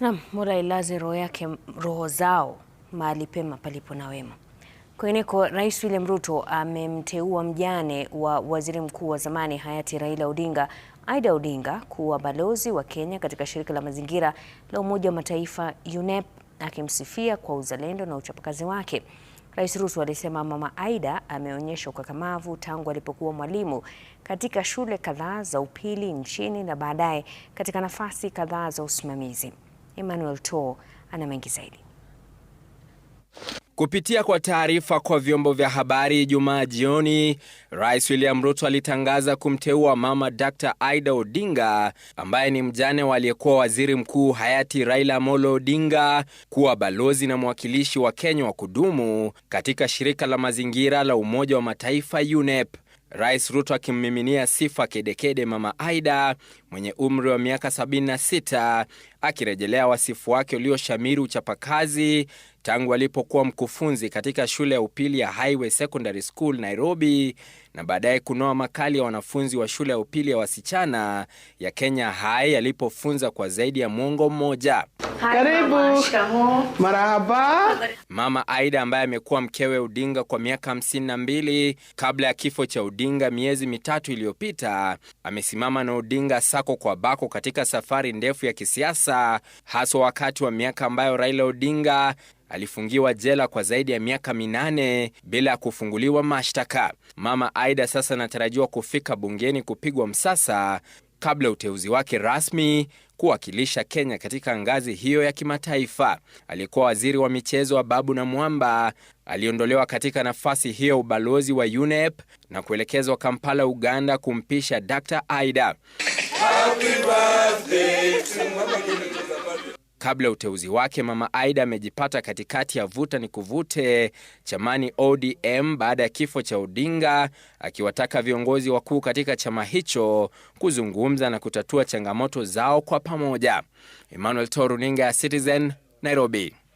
Naam, Mola ilaze roho yake roho zao mahali pema palipo na wema. Kwingineko, Rais William Ruto amemteua mjane wa waziri mkuu wa zamani hayati Raila Odinga, aida Odinga, kuwa balozi wa Kenya katika shirika la mazingira la Umoja wa Mataifa UNEP, akimsifia kwa uzalendo na uchapakazi wake. Rais Ruto alisema Mama aida ameonyesha ukakamavu tangu alipokuwa mwalimu katika shule kadhaa za upili nchini na baadaye katika nafasi kadhaa za usimamizi. Emmanuel To ana mengi zaidi. Kupitia kwa taarifa kwa vyombo vya habari Ijumaa jioni, Rais William Ruto alitangaza kumteua Mama Dr. Ida Odinga ambaye ni mjane wa aliyekuwa Waziri Mkuu hayati Raila Amolo Odinga kuwa balozi na mwakilishi wa Kenya wa kudumu katika shirika la mazingira la Umoja wa Mataifa UNEP. Rais Ruto akimmiminia sifa kedekede Mama Aida mwenye umri wa miaka 76 akirejelea wasifu wake ulioshamiri uchapakazi tangu alipokuwa mkufunzi katika shule ya upili ya Highway Secondary School Nairobi, na baadaye kunoa makali ya wanafunzi wa shule ya upili ya wasichana ya Kenya High alipofunza kwa zaidi ya mwongo mmoja. Karibu. Mama, marahaba. Mama Aida ambaye amekuwa mkewe Odinga kwa miaka hamsini na mbili kabla ya kifo cha Odinga miezi mitatu iliyopita, amesimama na Odinga sako kwa bako katika safari ndefu ya kisiasa, haswa wakati wa miaka ambayo Raila Odinga alifungiwa jela kwa zaidi ya miaka minane bila ya kufunguliwa mashtaka. Mama Aida sasa anatarajiwa kufika bungeni kupigwa msasa kabla ya uteuzi wake rasmi kuwakilisha Kenya katika ngazi hiyo ya kimataifa. Aliyekuwa waziri wa michezo Ababu Namwamba aliondolewa katika nafasi hiyo ubalozi wa UNEP na kuelekezwa Kampala, Uganda kumpisha Dr. Aida. Kabla ya uteuzi wake, Mama Aida amejipata katikati ya vuta ni kuvute chamani ODM baada ya kifo cha Odinga, akiwataka viongozi wakuu katika chama hicho kuzungumza na kutatua changamoto zao kwa pamoja. Emmanuel Toruninga ya Citizen, Nairobi.